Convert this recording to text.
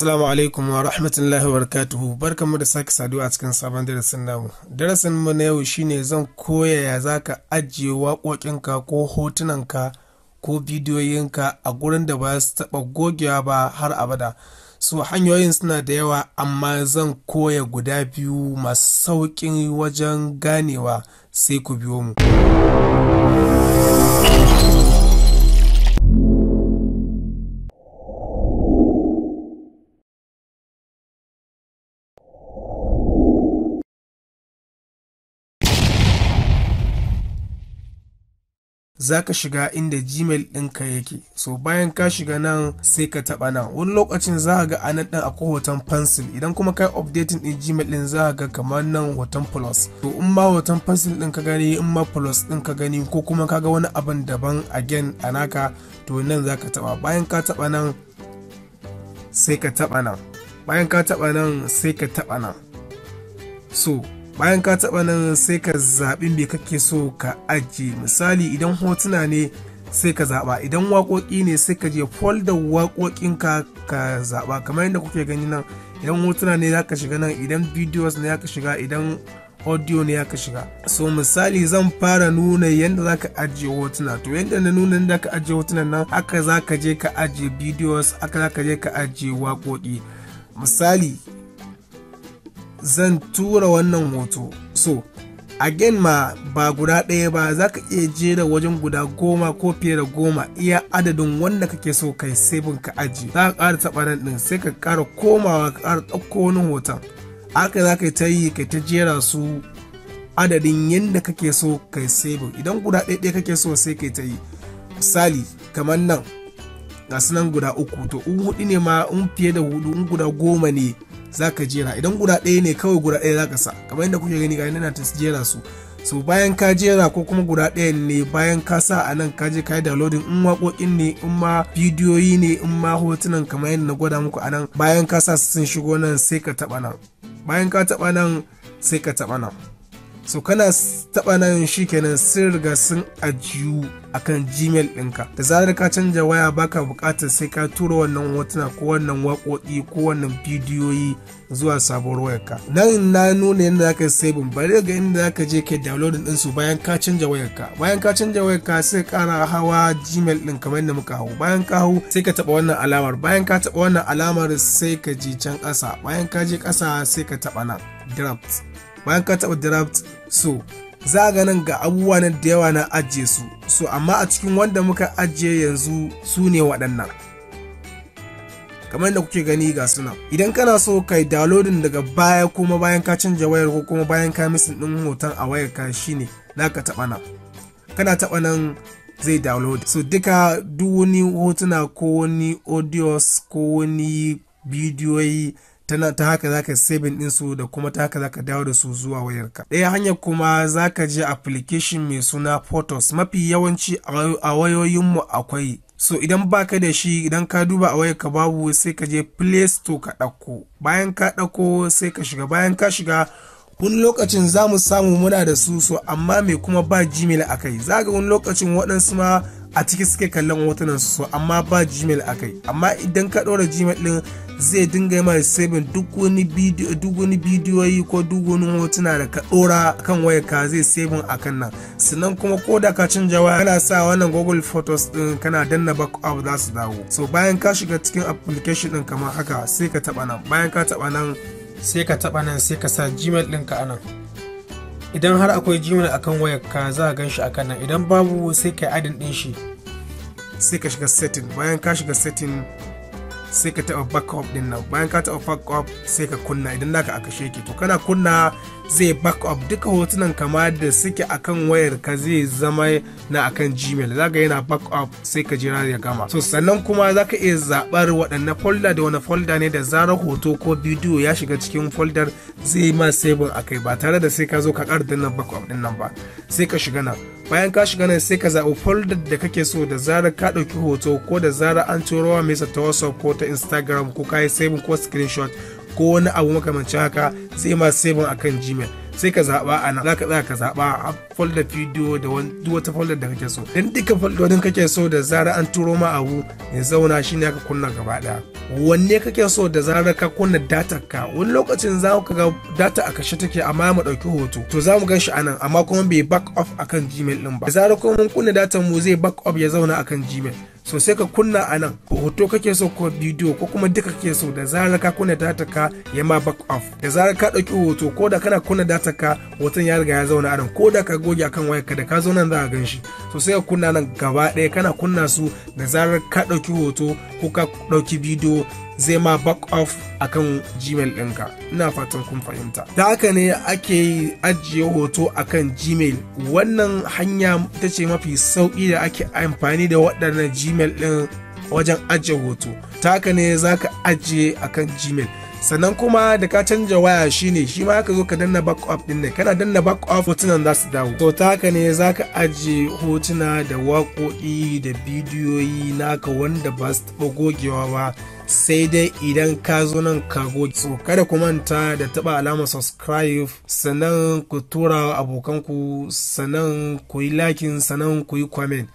Assalamu alaikum wa rahmatullahi wa barakatuhu barkanmu da sake saduwa a cikin sabon darasin namu. Darasin mu na yau shine zan koya ya ka ajiye waƙoƙinka ko hotunanka ko bidiyoyinka a gurin da ba su taɓa gogewa ba har abada. Su hanyoyin suna da yawa amma zan koya guda biyu masu sauƙin wajen ganewa sai ku biyo mu. za ka shiga inda gmail ɗinka yake so bayan ka shiga nan sai ka taɓa nan wani lokacin za ga a ɗin akwai hoton pencil idan kuma kai updating ɗin gmail ɗin za ga kamar nan hoton plus to in ma hoton pencil ɗin ka gani in ma plus ɗin ka gani ko kuma ka ga wani abin daban a again a naka to nan za ka taɓa bayan ka taɓa nan sai ka taɓa nan bayan ka taɓa nan sai ka taɓa nan so bayan ka taɓa nan sai ka zaɓi me kake so ka aji misali idan hotuna ne sai ka zaɓa idan waƙoƙi ne sai ka je folda waƙoƙinka ka zaɓa kamar yadda kuke gani nan idan hotuna ne za ka shiga nan idan videos ne za ka shiga idan audio ne ya ka shiga so misali zan fara nuna yadda za ka ajiye hotuna to yadda na nuna yadda ka ajiye hotunan nan haka za ka je ka ajiye videos haka za ka je ka ajiye waƙoƙi misali zan tura wannan hoto so again ma ba guda ɗaya ba za ka iya jera wajen guda goma ko fiye da goma iya adadin wanda kake so kai sabon ka aji za ka ƙara taɓa ɗin sai ka ƙara komawa ka ƙara ɗauko wani hoton haka za ka ta yi ka ta jera su adadin yadda kake so kai sabon idan guda ɗaya kake so sai ka ta yi misali kamar nan ga sunan guda uku to in hudu ne ma in fiye da hudu in guda goma ne za ka jera idan guda ɗaya ne kawai guda ɗaya za ka sa kamar yadda kuke gani ga na ta jera su so bayan ka jera ko kuma guda ɗaya ne bayan ka sa a nan ka je ka yi downloading in waƙoƙin ne in ma bidiyoyi ne in ma hotunan kamar yadda na gwada muku a nan bayan ka sa sun shigo nan sai ka taɓa nan bayan ka taɓa nan sai ka taɓa nan so kana taba nan shikenan sun riga sun ajiyu a kan gmail ɗinka da zarar ka canja waya baka bukatar sai ka tura wannan hotuna ko wannan waƙoƙi ko wannan bidiyoyi zuwa sabuwar wayarka nan na nuna yadda zaka saving bari ga inda zaka je ke downloading din su bayan ka canja wayarka bayan ka canja wayarka sai ƙara hawa gmail ɗin kamar yadda muka hau bayan ka hau sai ka taba wannan alamar bayan ka taɓa wannan alamar sai ka je can kasa bayan ka je kasa sai ka taba nan draft bayan ka taɓa draft so za a nan ga abubuwa nan da yawa na ajiye su so amma a cikin wanda muka ajiye yanzu su ne waɗannan kamar da kuke gani ga suna idan kana so kai downloadin daga baya kuma bayan ka canja wayar ko kuma bayan ka misin ɗin hoton a wayar ka shine naka taɓa nan kana taɓa nan zai download so duka duk wani hotuna ko wani audios ko wani bidiyoyi tana ta haka zaka saving din su da kuma ta haka zaka dawo da su zuwa wayarka ɗaya hanyar kuma zaka je application mai suna photos mafi yawanci a wayoyinmu akwai so idan baka da shi idan ka duba a wayarka babu sai ka je play store ka ɗauko bayan ka ɗauko sai ka shiga bayan ka shiga wani lokacin za mu samu muna da su so amma mai kuma ba gmail a kai za ga wani lokacin waɗansu ma a ciki suke kallon hotunan su amma ba gmail a kai amma idan ka ɗora gmail ɗin zai dinga yi mai saving duk wani bidiyo duk wani bidiyoyi ko duk wani hotuna da ka ɗora kan wayar ka zai saving a kan nan sannan kuma ko da ka canja waya kana sa wannan google photos ɗin kana danna backup za su dawo so bayan ka shiga cikin application ɗin kamar haka sai ka taɓa nan bayan ka taɓa nan sai ka taɓa nan sai ka sa gmail ɗinka a nan idan har akwai gmail akan wayar ka za a gan shi akan nan idan babu sai ka adin din shi sai ka shiga setting bayan ka shiga setting sai ka taɓa backup din nan bayan ka taɓa backup sai ka kunna idan naka aka sheke to kana kunna zai backup duka hotunan kama da suke akan wayar ka zai zama na akan gmail zaka yana backup sai ka jira ya gama to sannan kuma zaka iya zaɓar waɗanne folda da wani folda ne da zarar hoto ko bidiyo ya shiga cikin folder zai ma a kai ba tare da sai ka zo ka ƙara dinnan backup din nan ba sai ka shiga na. bayan ka shiga nan sai ka zaɓi folder da kake so da zarar ka ɗauki hoto ko da zarar an turo wa mesa ta whatsapp ko ta instagram ko ka yi saving ko screenshot ko wani abu makamancin haka sai ma saving akan gmail sai ka zaɓa a nan zaka za ka zaɓa a folder video da duk wata folder da kake so dan duka folder kake so da zara an turo ma abu ya zauna shine ka kunna gaba ɗaya wanne kake so da zara ka kunna data ka wani lokacin za ka ga data a kashe take amma mu ɗauki hoto to za mu gan shi anan amma kuma bai back off akan gmail din ba da zara kuma mun kunna data mu zai back off ya zauna akan gmail so sai ka kunna a nan hoto kake so ko bidiyo ko kuma duka kake so da zarar ka kunna data ka ya ma back off da zarar ka ɗauki hoto ko da kana kunna data ka hoton ya riga ya zauna a nan ko da ka goge akan wayar ka da ka zo nan za ka gan shi so sai ka kunna nan gaba ɗaya kana kunna su da zarar ka ɗauki hoto ko ka ɗauki bidiyo zai ma back off a kan gmail ɗinka ina fatan kun fahimta da haka ne ake ajiye hoto a kan gmail wannan hanya ta ce mafi sauƙi da ake amfani da waɗannan gmail ɗin wajen ajiye hoto ta haka ne za ka ajiye a kan gmail sannan kuma da ka canja waya shine shi ma ka zo ka danna back up din ne kana danna back up hotunan za su dawo to ta haka ne za ka ajiye hotuna da waƙoƙi da bidiyoyi naka wanda ba su taɓa gogewa ba sai dai idan ka zo nan ka goge so kada ku manta da taɓa alamar subscribe sannan ku tura abokanku sannan ku yi lakin sannan ku yi comment